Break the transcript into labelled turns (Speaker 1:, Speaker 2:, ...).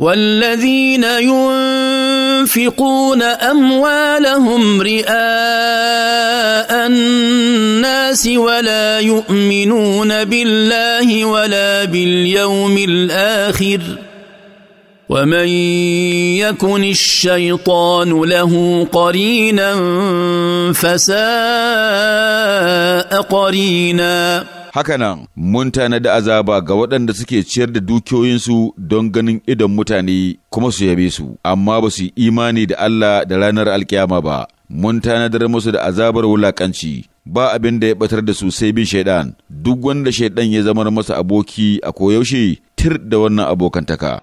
Speaker 1: والذين ينفقون اموالهم رئاء الناس ولا يؤمنون بالله ولا باليوم الاخر ومن يكن الشيطان له قرينا
Speaker 2: فساء قريناً haka nan mun tanada azaba ga waɗanda suke ciyar da dukiyoyinsu don ganin idon mutane kuma su yabe su, amma ba su yi imani da Allah da ranar alkiyama ba. Mun tanadar musu da azabar wulaƙanci ba abin da ya batar da su sai bin shaidan, duk wanda shaidan ya zama masa aboki a koyaushe tir da wannan abokantaka.